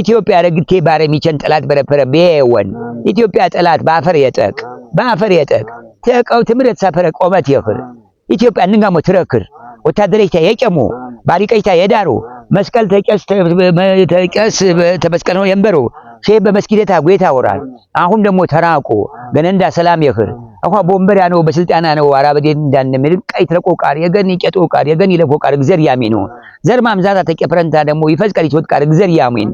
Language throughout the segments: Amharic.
ኢትዮጵያ ረግቴ ባረሚቸን ጠላት በረፈረ በየወን ኢትዮጵያ ጠላት በአፈር የጠቅ በአፈር የጠቅ ተቀው ትምረት ሳፈረ ቆመት የኽር ኢትዮጵያ እንጋሞ ትረክር ወታደሬታ የጨሞ ባሪቀይታ የዳሩ መስቀል ተቀስ ተቀስ ተመስቀል ነው የንበሮ ሼ በመስጊደታ ጌታ ወራል አሁን ደግሞ ተራቁ ገነንዳ ሰላም የኽር አኳ ቦንበር ያነው በስልጣና ነው አራበዴ እንዳንምል ቀይ ትረቆ ቃር የገን ይቀጦ ቃር የገን ይለፎ ቃር እግዚአብሔር ያሜን ነው ዘር ማምዛታ ተቀፈረንታ ደግሞ ይፈዝቀር ይወጥ ቃር እግዚአብሔር ያሜን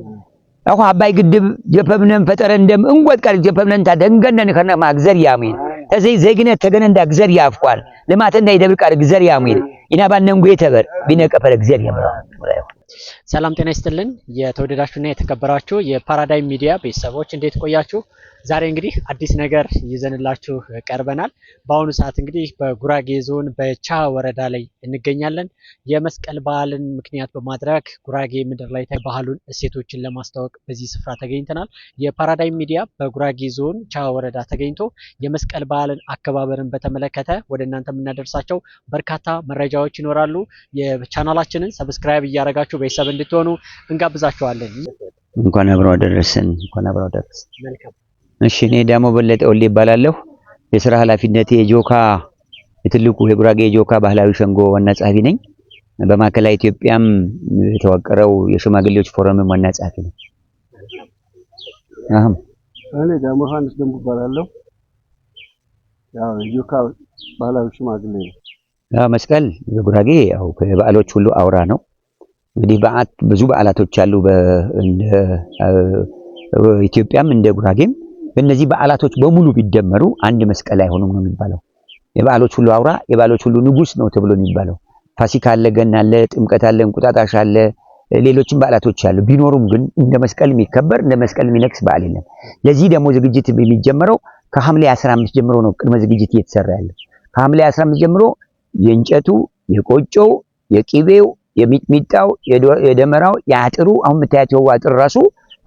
አኳ አባይ ግድብ ጀፈምነን ፈጠረ እንደም እንወጥ ቃር ጀፈምነንታ ደንገነን ከነማ እግዚአብሔር ያሜን ተዘይ ዘይግነት ተገነንዳ እግዚአብሔር ያፍቋል ለማተና ይደብር ቃር እግዚአብሔር ያሜን ይናባነን ጉይ ተበር ቢነቀፈረ እግዚአብሔር ያምራው ሰላም ጤና ይስጥልን። የተወደዳችሁና የተከበራችሁ የፓራዳይም ሚዲያ ቤተሰቦች እንዴት ቆያችሁ? ዛሬ እንግዲህ አዲስ ነገር ይዘንላችሁ ቀርበናል። በአሁኑ ሰዓት እንግዲህ በጉራጌ ዞን በቻ ወረዳ ላይ እንገኛለን። የመስቀል በዓልን ምክንያት በማድረግ ጉራጌ ምድር ላይ ባህሉን፣ እሴቶችን ለማስተዋወቅ በዚህ ስፍራ ተገኝተናል። የፓራዳይም ሚዲያ በጉራጌ ዞን ቻ ወረዳ ተገኝቶ የመስቀል በዓልን አከባበርን በተመለከተ ወደ እናንተ የምናደርሳቸው በርካታ መረጃዎች ይኖራሉ። የቻናላችንን ሰብስክራይብ እያደረጋችሁ ያላችሁ ቤተሰብ እንድትሆኑ እንጋብዛችኋለን። እንኳን አብረው አደረሰን። እንኳን አብረው አደረሰን። መልካም። እሺ፣ እኔ ደግሞ በለጠ ወሌ ይባላለሁ። የስራ ኃላፊነቴ የጆካ የትልቁ የጉራጌ የጆካ ባህላዊ ሸንጎ ዋና ጸሐፊ ነኝ። በማዕከላዊ ኢትዮጵያም የተዋቀረው የሽማግሌዎች ፎረምም ዋና ጸሐፊ ነኝ። አሁን እኔ ደግሞ ዮሐንስ ደንቡ እባላለሁ። ያው የጆካ ባህላዊ ሽማግሌ ነው። መስቀል በጉራጌ ያው ከበዓሎች ሁሉ አውራ ነው። እንግዲህ በዓት ብዙ በዓላቶች አሉ። በኢትዮጵያም እንደ ጉራጌም በእነዚህ በዓላቶች በሙሉ ቢደመሩ አንድ መስቀል አይሆኑም ነው የሚባለው። የበዓሎች ሁሉ አውራ የበዓሎች ሁሉ ንጉስ ነው ተብሎ የሚባለው። ፋሲካ አለ፣ ገና አለ፣ ጥምቀት አለ፣ እንቁጣጣሽ አለ፣ ሌሎችም በዓላቶች አሉ። ቢኖሩም ግን እንደ መስቀል የሚከበር እንደ መስቀል የሚነክስ በዓል የለም። ለዚህ ደግሞ ዝግጅት የሚጀመረው ከሐምሌ 15 ጀምሮ ነው ቅድመ ዝግጅት እየተሰራ ያለው። ከሐምሌ 15 ጀምሮ የእንጨቱ፣ የቆጮው፣ የቂቤው የሚጥሚጣው የደመራው የአጥሩ አሁን የምታያቸው አጥር ራሱ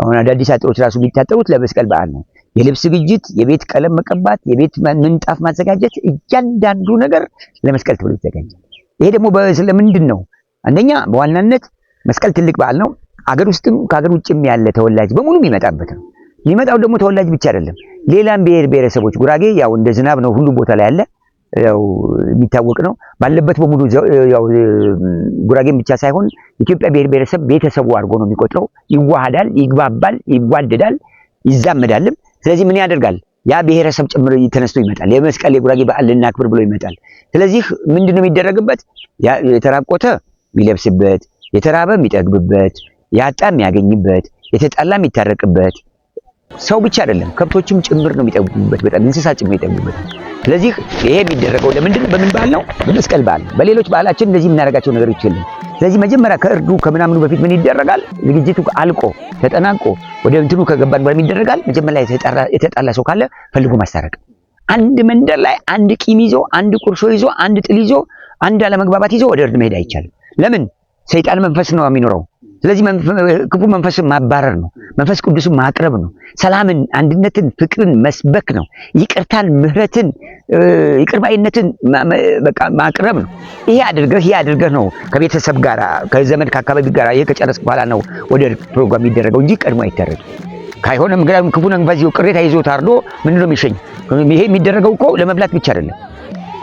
አሁን አዳዲስ አጥሮች ራሱ የሚታጠሩት ለመስቀል በዓል ነው። የልብስ ዝግጅት፣ የቤት ቀለም መቀባት፣ የቤት ምንጣፍ ማዘጋጀት፣ እያንዳንዱ ነገር ለመስቀል ተብሎ ይዘጋጃል። ይሄ ደግሞ ስለምንድን ነው? አንደኛ በዋናነት መስቀል ትልቅ በዓል ነው። አገር ውስጥም ከአገር ውጭም ያለ ተወላጅ በሙሉ የሚመጣበት ነው። የሚመጣው ደግሞ ተወላጅ ብቻ አይደለም፣ ሌላም ብሔር ብሔረሰቦች ጉራጌ ያው እንደ ዝናብ ነው ሁሉም ቦታ ላይ ያለ ያው የሚታወቅ ነው ባለበት በሙሉ ያው ጉራጌን ብቻ ሳይሆን ኢትዮጵያ ብሔር ብሔረሰብ ቤተሰቡ አድርጎ ነው የሚቆጥረው። ይዋሃዳል፣ ይግባባል፣ ይጓደዳል፣ ይዛመዳልም። ስለዚህ ምን ያደርጋል? ያ ብሔረሰብ ጭምር ተነስቶ ይመጣል። የመስቀል የጉራጌ በዓል ልናክብር ብሎ ይመጣል። ስለዚህ ምንድን ነው የሚደረግበት? የተራቆተ የሚለብስበት፣ የተራበ የሚጠግብበት፣ ያጣ የሚያገኝበት፣ የተጣላ የሚታረቅበት ሰው ብቻ አይደለም ከብቶችም ጭምር ነው የሚጠጉበት፣ በጣም እንስሳት ጭምር የሚጠጉበት። ስለዚህ ይሄ የሚደረገው ለምንድን በምን በዓል ነው? በመስቀል በዓል። በሌሎች በዓላችን እንደዚህ የምናደርጋቸው ነገሮች የለም። ስለዚህ መጀመሪያ ከእርዱ ከምናምኑ በፊት ምን ይደረጋል? ዝግጅቱ አልቆ ተጠናቆ ወደ እንትኑ ከገባን በኋላ ይደረጋል። መጀመሪያ የተጣላ ሰው ካለ ፈልጎ ማስታረቅ። አንድ መንደር ላይ አንድ ቂም ይዞ፣ አንድ ቁርሾ ይዞ፣ አንድ ጥል ይዞ፣ አንድ አለመግባባት ይዞ ወደ እርድ መሄድ አይቻልም። ለምን? ሰይጣን መንፈስ ነው የሚኖረው ስለዚህ ክፉ መንፈስን ማባረር ነው። መንፈስ ቅዱስን ማቅረብ ነው። ሰላምን፣ አንድነትን፣ ፍቅርን መስበክ ነው። ይቅርታን፣ ምህረትን፣ ይቅርባይነትን ማቅረብ ነው። ይሄ አድርገህ ይሄ አድርገህ ነው ከቤተሰብ ጋር ከዘመድ ከአካባቢ ጋር ይሄ ከጨረስክ በኋላ ነው ወደ ፕሮግራም የሚደረገው እንጂ ቀድሞ አይደረግም። ካይሆነ ምክንያቱም ክፉ መንፈስ ቅሬታ ይዞ ታርዶ ነው የሚሸኝ? ይሄ የሚደረገው እኮ ለመብላት ብቻ አይደለም፣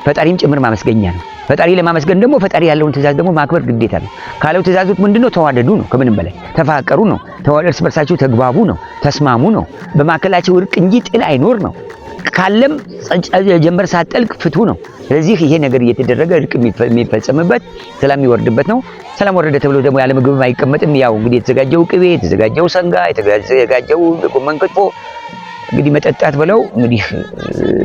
ፈጣሪም ጭምር ማመስገኛ ነው። ፈጣሪ ለማመስገን ደግሞ ፈጣሪ ያለውን ትእዛዝ ደግሞ ማክበር ግዴታ ነው። ካለው ትእዛዙት ምንድነው? ተዋደዱ ነው። ከምንም በላይ ተፋቀሩ ነው። እርስ በርሳችሁ ተግባቡ ነው። ተስማሙ ነው። በማከላቸው እርቅ እንጂ ጥል አይኖር ነው። ካለም ጀንበር ሳጠልቅ ፍቱ ነው። ስለዚህ ይሄ ነገር እየተደረገ እርቅ የሚፈጸምበት ሰላም የሚወርድበት ነው። ሰላም ወረደ ተብሎ ደግሞ ያለ ምግብም አይቀመጥም። ያው እንግዲህ የተዘጋጀው ቅቤ፣ የተዘጋጀው ሰንጋ፣ የተዘጋጀው ጎመን ክትፎ እንግዲህ መጠጣት ብለው እንግዲህ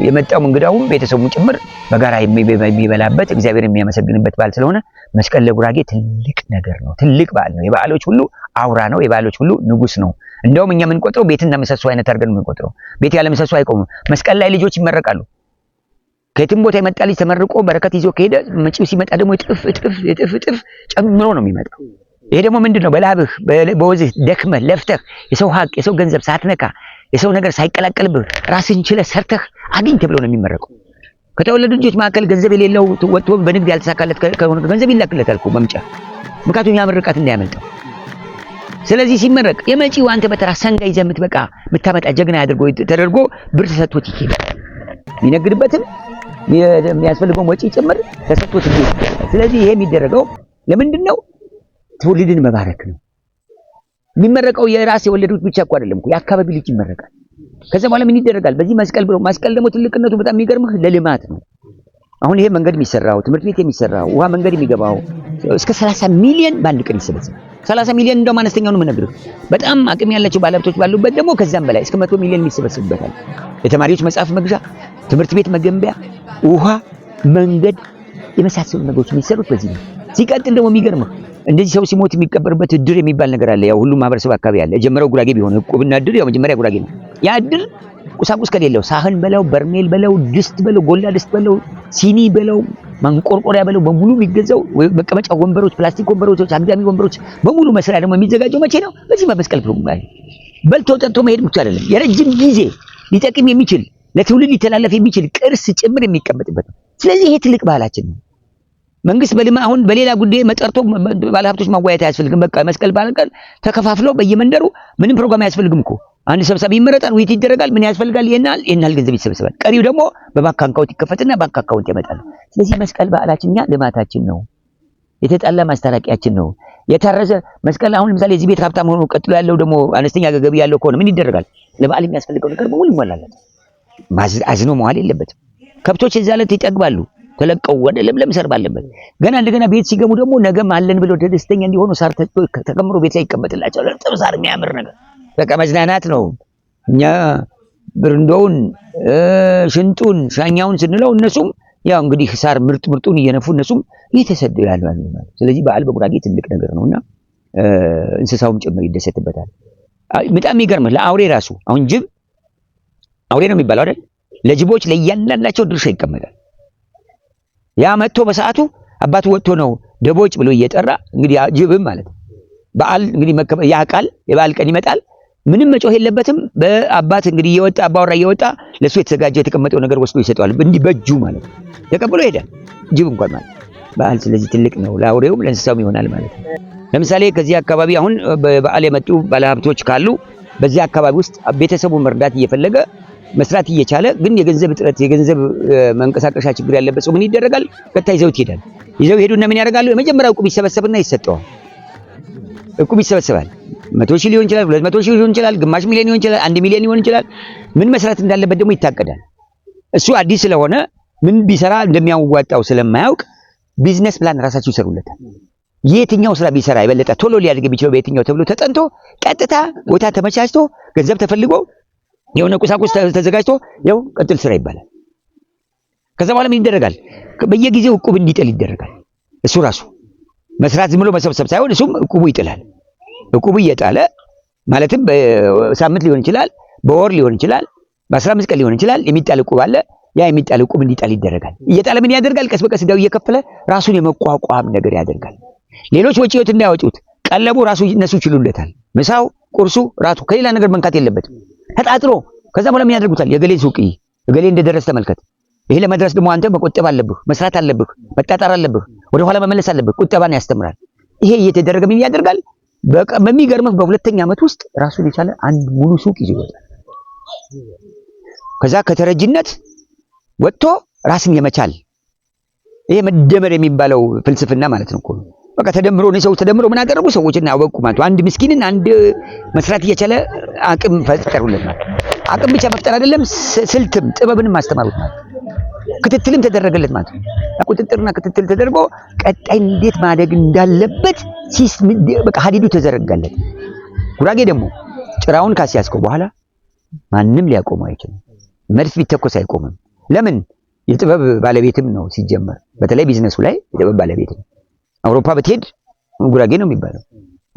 የመጣው እንግዳውም ቤተሰቡም ጭምር በጋራ የሚበላበት እግዚአብሔር የሚያመሰግንበት በዓል ስለሆነ መስቀል ለጉራጌ ትልቅ ነገር ነው። ትልቅ በዓል ነው። የበዓሎች ሁሉ አውራ ነው። የበዓሎች ሁሉ ንጉስ ነው። እንደውም እኛ የምንቆጥረው ቤትና ምሰሶ አይነት አድርገን የምንቆጥረው ቤት ያለ ምሰሶ አይቆምም። መስቀል ላይ ልጆች ይመረቃሉ። ከየትም ቦታ የመጣ ልጅ ተመርቆ በረከት ይዞ ከሄደ መጪው ሲመጣ ደግሞ እጥፍ እጥፍ እጥፍ እጥፍ ጨምሮ ነው የሚመጣው። ይሄ ደግሞ ምንድን ነው? በላብህ በወዝህ ደክመህ ለፍተህ የሰው ሀቅ የሰው ገንዘብ ሳትነካ የሰው ነገር ሳይቀላቀልብህ ራስን ችለህ ሰርተህ አግኝ ተብሎ ነው የሚመረቀው። ከተወለዱ ልጆች መካከል ገንዘብ የሌለው ወጥቶ በንግድ ያልተሳካለት ከሆነ ገንዘብ ይላክለታል እኮ መምጫ፣ ምክንያቱም ያ ምርቃት እንዳያመልጠው። ስለዚህ ሲመረቅ የመጪው አንተ በተራ ሰንጋ ይዘህ የምትበቃ የምታመጣ ጀግና ያድርጎ ተደርጎ ብር ተሰጥቶት ይሄዳል። የሚነግድበትም የሚያስፈልገውን ወጪ ጭምር ተሰጥቶት ይሄዳል። ስለዚህ ይሄ የሚደረገው ለምንድን ነው? ትውልድን መባረክ ነው። የሚመረቀው የራስ የወለዱት ብቻ እኮ አይደለም እኮ የአካባቢ ልጅ ይመረቃል። ከዛ በኋላ ምን ይደረጋል? በዚህ መስቀል ብሎ ማስቀል ደግሞ ትልቅነቱ በጣም የሚገርምህ ለልማት ነው። አሁን ይሄ መንገድ የሚሰራው ትምህርት ቤት የሚሰራው ውሃ መንገድ የሚገባው እስከ 30 ሚሊዮን በአንድ ቀን ይሰበሰባል። 30 ሚሊዮን እንደውም አነስተኛው ነው የምነግርህ። በጣም አቅም ያላቸው ባለሀብቶች ባሉበት ደግሞ ከዛም በላይ እስከ 100 ሚሊዮን የሚሰበስብበታል። የተማሪዎች መጽሐፍ መግዣ፣ ትምህርት ቤት መገንቢያ፣ ውሃ፣ መንገድ የመሳሰሉ ነገሮች የሚሰሩት በዚህ ነው። ሲቀጥል ደግሞ የሚገርምህ እንደዚህ ሰው ሲሞት የሚቀበርበት እድር የሚባል ነገር አለ። ያው ሁሉም ማህበረሰብ አካባቢ ያለ የጀመረው ጉራጌ ቢሆን እቁብና እድር ያው መጀመሪያ ጉራጌ ነው። ያ እድር ቁሳቁስ ከሌለው ሳህን በለው፣ በርሜል በለው፣ ድስት በለው፣ ጎላ ድስት በለው፣ ሲኒ በለው፣ ማንቆርቆሪያ በለው በሙሉ የሚገዛው መቀመጫ ወንበሮች፣ ፕላስቲክ ወንበሮች፣ አግዳሚ ወንበሮች በሙሉ መስሪያ ደግሞ የሚዘጋጀው መቼ ነው? በዚህ በመስቀል ፕሮግራም በልቶ ጠጥቶ መሄድ ብቻ አይደለም፣ የረጅም ጊዜ ሊጠቅም የሚችል ለትውልድ ሊተላለፍ የሚችል ቅርስ ጭምር የሚቀመጥበት ነው። ስለዚህ ይሄ ትልቅ ባህላችን ነው። መንግስት በልማ አሁን በሌላ ጉዳይ መጠርቶ ባለሀብቶች ማዋየት አያስፈልግም። በቃ መስቀል ባለቀን ተከፋፍሎ በየመንደሩ ምንም ፕሮግራም አያስፈልግም እኮ አንድ ሰብሳቢ ይመረጣል፣ ውይይት ይደረጋል። ምን ያስፈልጋል? ይናል ይናል ገንዘብ ይሰበሰባል። ቀሪው ደግሞ በባንክ አካውንት ይከፈትና ባንክ አካውንት ያመጣል። ስለዚህ መስቀል በዓላችን እኛ ልማታችን ነው፣ የተጣላ ማስታረቂያችን ነው። የታረሰ መስቀል አሁን ለምሳሌ እዚህ ቤት ሀብታም ሆኖ ቀጥሎ ያለው ደግሞ አነስተኛ ገቢ ያለው ከሆነ ምን ይደረጋል? ለበዓል የሚያስፈልገው ነገር በሙሉ ይሟላለት። አዝኖ መዋል የለበትም። ከብቶች የዛለት ይጠግባሉ። ተለቀው ወደ ለምለም ሰርብ ባለበት ገና እንደገና ቤት ሲገቡ ደግሞ ነገም አለን ብለው ደስተኛ እንዲሆኑ ሳር ተከምሮ ቤት ላይ ይቀመጥላቸዋል። እርጥብ ሳር የሚያምር ነገር በቃ መዝናናት ነው። እኛ ብርንዶውን፣ ሽንጡን፣ ሻኛውን ስንለው እነሱም ያው እንግዲህ ሳር ምርጥ ምርጡን እየነፉ እነሱም እየተሰዱ ይላሉ። ስለዚህ በዓል በጉራጌ ትልቅ ነገር ነውና እንስሳውም ጭምር ይደሰትበታል። በጣም የሚገርምህ ለአውሬ ራሱ አሁን ጅብ አውሬ ነው የሚባለው አይደል? ለጅቦች ለእያንዳንዳቸው ድርሻ ይቀመጣል። ያ መጥቶ በሰዓቱ አባቱ ወጥቶ ነው ደቦጭ ብሎ እየጠራ እንግዲህ ጅብም ማለት በዓል እንግዲህ ያ ቃል የበዓል ቀን ይመጣል። ምንም መጮህ የለበትም። በአባት እንግዲህ እየወጣ አባወራ እየወጣ ለሱ የተዘጋጀ የተቀመጠው ነገር ወስዶ ይሰጠዋል። እንዲህ በእጁ ማለት ተቀብሎ ሄደ። ጅብ እንኳን ማለት በዓል ስለዚህ ትልቅ ነው፣ ለአውሬውም ለእንስሳውም ይሆናል ማለት ነው። ለምሳሌ ከዚህ አካባቢ አሁን በበዓል የመጡ ባለሀብቶች ካሉ በዚህ አካባቢ ውስጥ ቤተሰቡ መርዳት እየፈለገ መስራት እየቻለ ግን የገንዘብ እጥረት የገንዘብ መንቀሳቀሻ ችግር ያለበት ሰው ምን ይደረጋል? ቀጥታ ይዘውት ይሄዳል። ይዘው ይሄዱና ምን ያደርጋሉ? የመጀመሪያው እቁብ ይሰበሰብና ይሰጠዋል። እቁብ ይሰበሰባል። መቶ ሺህ ሊሆን ይችላል፣ ሁለት መቶ ሺህ ሊሆን ይችላል፣ ግማሽ ሚሊዮን ሊሆን ይችላል፣ አንድ ሚሊዮን ሊሆን ይችላል። ምን መስራት እንዳለበት ደግሞ ይታቀዳል። እሱ አዲስ ስለሆነ ምን ቢሰራ እንደሚያዋጣው ስለማያውቅ ቢዝነስ ፕላን ራሳቸው ይሰሩለታል። የትኛው ስራ ቢሰራ የበለጠ ቶሎ ሊያድግ የሚችለው በየትኛው ተብሎ ተጠንቶ ቀጥታ ቦታ ተመቻችቶ ገንዘብ ተፈልጎ የሆነ ቁሳቁስ ተዘጋጅቶ ያው ቀጥል ስራ ይባላል። ከዛ ምን ይደረጋል። በየጊዜው እቁብ እንዲጥል ይደረጋል። እሱ ራሱ መስራት ዝም ብሎ መሰብሰብ ሳይሆን እሱም እቁቡ ይጥላል። እቁቡ እየጣለ ማለትም በሳምንት ሊሆን ይችላል፣ በወር ሊሆን ይችላል፣ በአስራ አምስት ቀን ሊሆን ይችላል። የሚጣል እቁብ አለ። ያ የሚጣል እቁብ እንዲጣል ይደረጋል። እየጣለ ምን ያደርጋል? ቀስ በቀስ እዳው እየከፈለ ራሱን የመቋቋም ነገር ያደርጋል። ሌሎች ወጪዎት እንዳያወጡት ቀለቡ ራሱ እነሱ ይችሉለታል። ምሳው፣ ቁርሱ፣ ራቱ ከሌላ ነገር መንካት የለበትም። ተጣጥሮ ከዛ በኋላ ምን ያደርጉታል? የገሌ ሱቅ እገሌ እንደደረስ ተመልከት። ይሄ ለመድረስ ደግሞ አንተ መቆጠብ አለብህ፣ መስራት አለብህ፣ መጣጣር አለብህ፣ ወደ ኋላ መመለስ አለብህ። ቁጠባን ያስተምራል። ይሄ እየተደረገ ምን ያደርጋል? በሚገርምህ በሁለተኛ ዓመት ውስጥ ራሱን የቻለ አንድ ሙሉ ሱቅ ይዞ ይወጣል። ከዛ ከተረጅነት ወጥቶ ራስን የመቻል ይሄ መደመር የሚባለው ፍልስፍና ማለት ነው እኮ በቃ ተደምሮ ነው ሰው ተደምሮ ምን አደረጉ ሰዎችን አወቁ ማለት አንድ ምስኪንን አንድ መስራት እየቻለ አቅም ፈጠሩለት ማለት አቅም ብቻ መፍጠር አይደለም ስልትም ጥበብንም አስተማሩት ማለት ክትትልም ተደረገለት ማለት ቁጥጥርና ክትትል ተደርጎ ቀጣይ እንዴት ማደግ እንዳለበት ሲስ በቃ ሀዲዱ ተዘረጋለት ጉራጌ ደግሞ ጭራውን ካስያዝከው በኋላ ማንም ሊያቆመው አይችልም መድፍ ቢተኮስ አይቆምም ለምን የጥበብ ባለቤትም ነው ሲጀመር በተለይ ቢዝነሱ ላይ የጥበብ ባለቤት ነው አውሮፓ በትሄድ ጉራጌ ነው የሚባለው።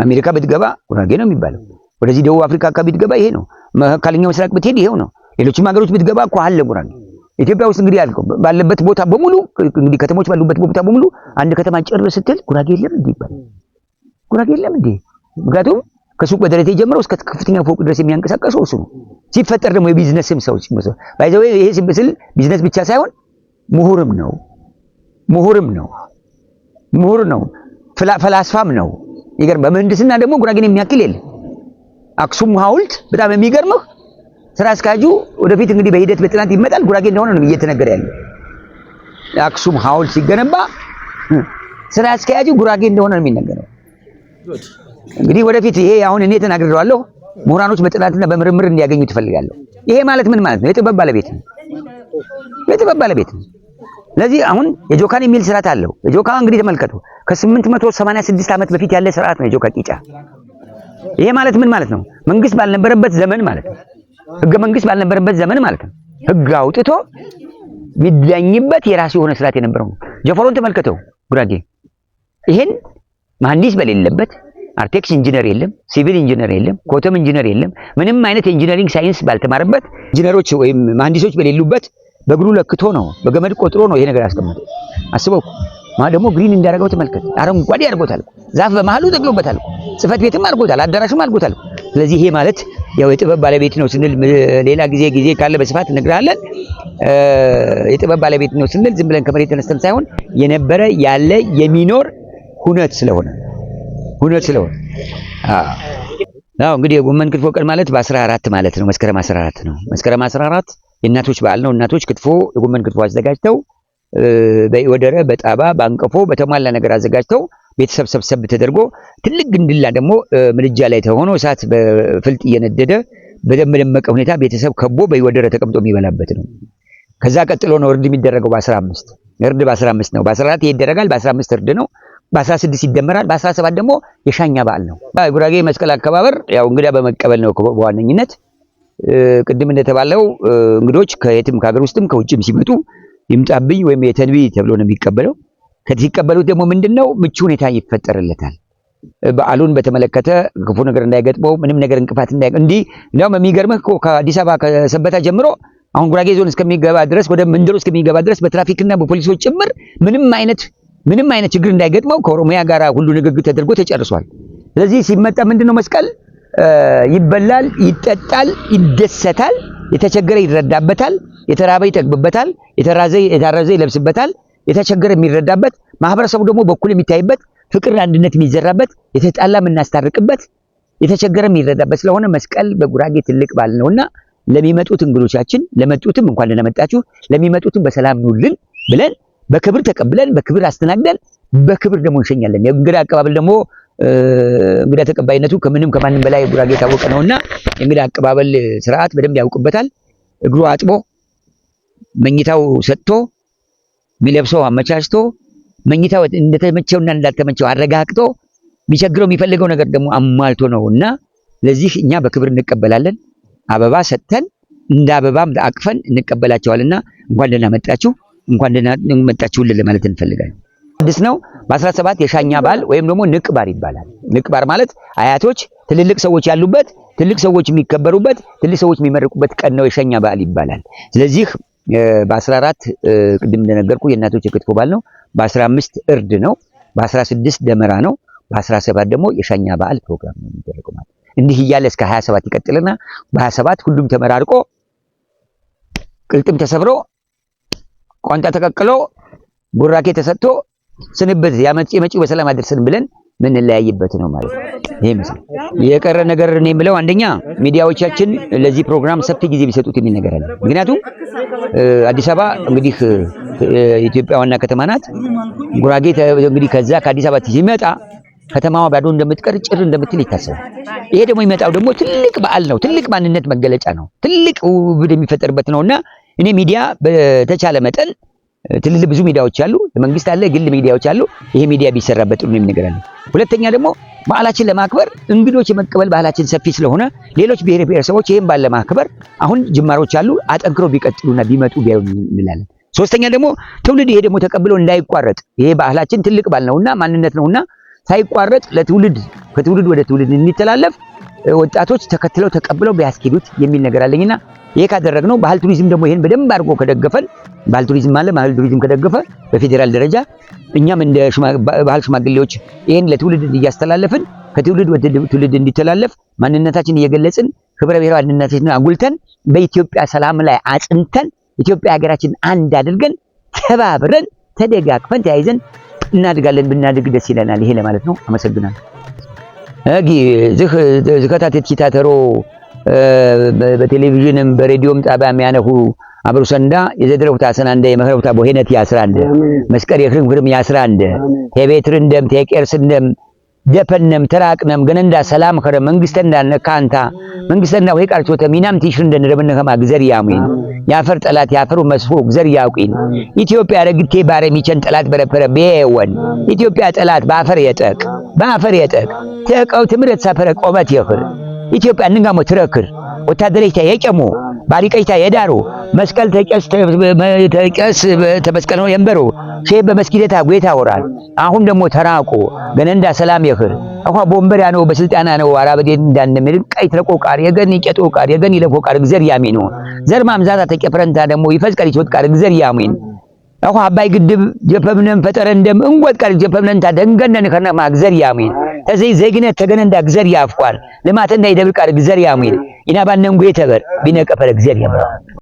አሜሪካ ብትገባ ጉራጌ ነው የሚባለው። ወደዚህ ደቡብ አፍሪካ አካባቢ ብትገባ ይሄ ነው። መካከለኛው ምስራቅ ብትሄድ ይሄው ነው። ሌሎችም ሀገሮች ብትገባ እኮ አለ ጉራጌ። ኢትዮጵያ ውስጥ እንግዲህ ያልከው ባለበት ቦታ በሙሉ እንግዲህ ከተሞች ባሉበት ቦታ በሙሉ አንድ ከተማ ጭር ስትል ጉራጌ የለም እንዴ ይባላል። ጉራጌ የለም እንዴ? ምክንያቱም ከሱቅ በደረቴ ጀምሮ እስከ ከፍተኛ ፎቅ ድረስ የሚያንቀሳቀሰው እሱ ነው። ሲፈጠር ደግሞ የቢዝነስም ሰው ሲመሰ ባይዘው ይሄ ሲመስል ቢዝነስ ብቻ ሳይሆን ምሁርም ነው ምሁርም ነው። ምሁር ነው፣ ፈላስፋም ነው። ይገርም። በምህንድስና ደግሞ ጉራጌን የሚያክል የለም። አክሱም ሐውልት በጣም የሚገርምህ ስራ አስካጁ ወደፊት እንግዲህ በሂደት በጥናት ይመጣል። ጉራጌ እንደሆነ ነው እየተነገረ ያለ። አክሱም ሐውልት ሲገነባ ስራ አስኪያጁ ጉራጌ እንደሆነ ነው የሚነገረው። እንግዲህ ወደፊት ይሄ አሁን እኔ ተናግሬዋለሁ። ምሁራኖች በጥናትና በምርምር እንዲያገኙ ትፈልጋለሁ። ይሄ ማለት ምን ማለት ነው? የጥበብ ባለቤት ነው። የጥበብ ባለቤት ነው። ለዚህ አሁን የጆካን የሚል ስርዓት አለው። የጆካ እንግዲህ ተመልከቱ ከ886 ዓመት በፊት ያለ ስርዓት ነው የጆካ ቂጫ። ይሄ ማለት ምን ማለት ነው? መንግስት ባልነበረበት ዘመን ማለት ነው። ህገ መንግስት ባልነበረበት ዘመን ማለት ነው። ህግ አውጥቶ የሚዳኝበት የራሱ የሆነ ስርዓት የነበረው ነው። ጀፈሮን ተመልከተው ጉራጌ። ይሄን መሐንዲስ በሌለበት አርቴክስ ኢንጂነር የለም፣ ሲቪል ኢንጂነር የለም፣ ኮተም ኢንጂነር የለም። ምንም አይነት የኢንጂነሪንግ ሳይንስ ባልተማረበት ኢንጂነሮች ወይም መሐንዲሶች በሌሉበት በእግሩ ለክቶ ነው በገመድ ቆጥሮ ነው ይሄ ነገር ያስቀመጠው። አስበው ማለት ደግሞ ግሪን እንዳደረገው ተመልከት። አረንጓዴ አድርጎታል። ዛፍ በመሀሉ ተክሎበታል። ጽሕፈት ቤትም አድርጎታል። አዳራሽም አድርጎታል። ስለዚህ ይሄ ማለት ያው የጥበብ ባለቤት ነው ስንል ሌላ ጊዜ ጊዜ ካለ በስፋት እንግራለን። የጥበብ ባለቤት ነው ስንል ዝም ብለን ከመሬት ተነስተን ሳይሆን የነበረ ያለ የሚኖር ሁነት ስለሆነ ሁነት ስለሆነ አዎ እንግዲህ የጎመን ክትፎ ቀን ማለት በ14 ማለት ነው መስከረም 14 ነው መስከረም 14 የእናቶች በዓል ነው። እናቶች ክትፎ፣ የጎመን ክትፎ አዘጋጅተው በኢወደረ በጣባ በአንቀፎ በተሟላ ነገር አዘጋጅተው ቤተሰብ ሰብሰብ ተደርጎ ትልቅ ግንድላ ደግሞ ምድጃ ላይ ተሆኖ እሳት በፍልጥ እየነደደ በደመቀ ሁኔታ ቤተሰብ ከቦ በኢወደረ ተቀምጦ የሚበላበት ነው። ከዛ ቀጥሎ ነው እርድ የሚደረገው። በ15 እርድ በ15 ነው። በ14 ይደረጋል። በ15 እርድ ነው። በ16 ይደመራል። በ17 ደግሞ የሻኛ በዓል ነው። ጉራጌ መስቀል አከባበር ያው እንግዳ በመቀበል ነው በዋነኝነት ቅድም እንደተባለው እንግዶች ከየትም ከሀገር ውስጥም ከውጭም ሲመጡ ይምጣብኝ ወይም የተንቢ ተብሎ ነው የሚቀበለው። ሲቀበሉት ደግሞ ምንድን ነው ምቹ ሁኔታ ይፈጠርለታል። በዓሉን በተመለከተ ክፉ ነገር እንዳይገጥመው ምንም ነገር እንቅፋት እንዳይ እንዲህ እንዲያውም የሚገርምህ ከአዲስ አበባ ከሰበታ ጀምሮ አሁን ጉራጌ ዞን እስከሚገባ ድረስ ወደ መንደሮ እስከሚገባ ድረስ በትራፊክና በፖሊሶች ጭምር ምንም አይነት ምንም አይነት ችግር እንዳይገጥመው ከኦሮሚያ ጋር ሁሉ ንግግር ተደርጎ ተጨርሷል። ስለዚህ ሲመጣ ምንድን ነው መስቀል ይበላል፣ ይጠጣል፣ ይደሰታል፣ የተቸገረ ይረዳበታል፣ የተራበ ይጠግብበታል፣ የታረዘ ይለብስበታል፣ የተቸገረ የሚረዳበት ማህበረሰቡ ደግሞ በኩል የሚታይበት ፍቅር አንድነት የሚዘራበት የተጣላ የምናስታርቅበት የተቸገረ የሚረዳበት ስለሆነ መስቀል በጉራጌ ትልቅ በዓል ነውና ለሚመጡት እንግዶቻችን ለመጡትም እንኳን ደህና መጣችሁ ለሚመጡትም በሰላም ኑልን ብለን በክብር ተቀብለን በክብር አስተናግደን በክብር ደግሞ እንሸኛለን። የእንግዳ አቀባበል ደግሞ እንግዳ ተቀባይነቱ ከምንም ከማንም በላይ ጉራጌ የታወቀ ነውና የእንግዳ አቀባበል ስርዓት በደንብ ያውቅበታል። እግሩ አጥቦ መኝታው ሰጥቶ የሚለብሰው አመቻችቶ መኝታው እንደተመቸውና እንዳልተመቸው አረጋግጦ የሚቸግረው የሚፈልገው ነገር ደግሞ አሟልቶ ነው እና ለዚህ እኛ በክብር እንቀበላለን። አበባ ሰጥተን እንደ አበባም አቅፈን እንቀበላቸዋልና እንኳን ደህና መጣችሁ፣ እንኳን ደህና መጣችሁልን ለማለት እንፈልጋለን። ስድስት ነው። በአስራ ሰባት የሻኛ ባል ወይም ደግሞ ንቅባር ይባላል። ንቅባር ማለት አያቶች ትልልቅ ሰዎች ያሉበት ትልቅ ሰዎች የሚከበሩበት ትልቅ ሰዎች የሚመርቁበት ቀን ነው የሻኛ በዓል ይባላል። ስለዚህ በ14 ቅድም እንደነገርኩ የእናቶች የክትፎ ባል ነው። በ15 እርድ ነው። በ16 ደመራ ነው። በ17 ደግሞ የሻኛ በዓል ፕሮግራም ነው የሚደረገው ማለት እንዲህ እያለ እስከ 27 ይቀጥልና በ27 ሁሉም ተመራርቆ ቅልጥም ተሰብሮ ቋንጣ ተቀቅሎ ቡራኬ ተሰጥቶ ስንበት መጪ በሰላም አድርሰን ብለን ምንለያይበት ነው ማለት ነው። ይሄ መስል የቀረ ነገር እኔ የምለው አንደኛ ሚዲያዎቻችን ለዚህ ፕሮግራም ሰፊ ጊዜ ቢሰጡት የሚል ነገር አለ። ምክንያቱም አዲስ አበባ እንግዲህ የኢትዮጵያ ዋና ከተማ ናት። ጉራጌ እንግዲህ ከዛ ከአዲስ አበባ ሲመጣ ከተማዋ ባዶ እንደምትቀር ጭር እንደምትል ይታሰባል። ይሄ ደግሞ ይመጣው ደግሞ ትልቅ በዓል ነው፣ ትልቅ ማንነት መገለጫ ነው፣ ትልቅ ውብድ የሚፈጠርበት ነውና እኔ ሚዲያ በተቻለ መጠን ትልልቅ ብዙ ሚዲያዎች አሉ፣ መንግስት አለ፣ ግል ሚዲያዎች አሉ። ይሄ ሚዲያ ቢሰራበት ጥሩ ነው የሚል ነገር አለ። ሁለተኛ ደግሞ በዓላችን ለማክበር እንግዶች የመቀበል ባህላችን ሰፊ ስለሆነ ሌሎች ብሔር ብሔረሰቦች ይህን ባለ ለማክበር አሁን ጅማሮች አሉ፣ አጠንክረው ቢቀጥሉና ቢመጡ ቢያዩ እንላለን። ሶስተኛ ደግሞ ትውልድ ይሄ ደግሞ ተቀብሎ እንዳይቋረጥ ይሄ ባህላችን ትልቅ ባል ነውና ማንነት ነውና ሳይቋረጥ ለትውልድ ከትውልድ ወደ ትውልድ እንዲተላለፍ ወጣቶች ተከትለው ተቀብለው ቢያስኬዱት የሚል ነገር አለኝና ይሄ ካደረግነው ባህል ቱሪዝም ደግሞ ይሄን በደንብ አድርጎ ከደገፈን ባህል ቱሪዝም አለ። ባህል ቱሪዝም ከደገፈ በፌዴራል ደረጃ እኛም እንደ ባህል ሽማግሌዎች ይህን ለትውልድ እያስተላለፍን ከትውልድ ወደ ትውልድ እንዲተላለፍ ማንነታችን እየገለጽን ህብረ ብሔራዊ አንድነታችንን አጉልተን በኢትዮጵያ ሰላም ላይ አጽንተን ኢትዮጵያ ሀገራችን አንድ አድርገን ተባብረን ተደጋግፈን ተያይዘን እናድጋለን ብናድግ ደስ ይለናል። ይሄ ለማለት ነው። አመሰግናለሁ። ዝህ ዝከታተት ኪታተሮ በቴሌቪዥንም በሬዲዮም ጣቢያ የሚያነሁ አብሩ ሰንዳ የዘድረ የዘድረውታ ሰናንደ ቦታ ቦሄነት ያስራንደ መስቀል የክርም ክርም ያስራንደ ቴቤትርንደም ቴቄርስንደም ደፈነም ተራቅነም ገነንዳ ሰላም ከረ መንግስተ መንግስተንዳ ነካንታ መንግስተንዳ ወይ ቃርቾተ ሚናም ቲሽር እንደነደብነ ከማ ግዘር ያሙይን ያፈር ጠላት ያፈሩ መስፎ ግዘር ያውቂን ኢትዮጵያ ረግቴ ባረ ሚቸን ጠላት በረፈረ በየወን ኢትዮጵያ ጠላት ባፈር የጠቅ ባፈር የጠቅ ተቀው ትምረት ሳፈረ ቆመት የኽር ኢትዮጵያ ንጋሞ ትረክር ወታደሬ ታ የጨሞ ባሪቀይታ የዳሮ መስቀል ተቀስ ተቀስ ተመስቀል ነው የንበሮ ሼ በመስጊደታ ጌታ ወራል አሁን ደግሞ ተራቆ ገነንዳ ሰላም የኽር አኳ ቦምበር ያነው በስልጣና ነው አራ በዴ እንዳንምል ቀይ ተቆ ቃር የገን ይቀጦ ቃር የገን ይለቆ ቃር ግዘር ያሚኑ ነው ዘር ማምዛታ ተጨፈረንታ ደግሞ ይፈዝቀሪት ወጥ ቃር ግዘር ያሚኑ አሁ አባይ ግድብ ጀፐምነን ፈጠረንደም እንወጥቀል ጀፐምነንታ ደንገነን ከነማ እግዚአብሔር ያሙን ተዘይ ዘይግነት ተገነንዳ እግዚአብሔር ያፍቋል ልማትና ይደብቃል እግዚአብሔር ያሙን ይናባነን ጉይ ተበር ቢነቀፈል እግዚአብሔር ያምራ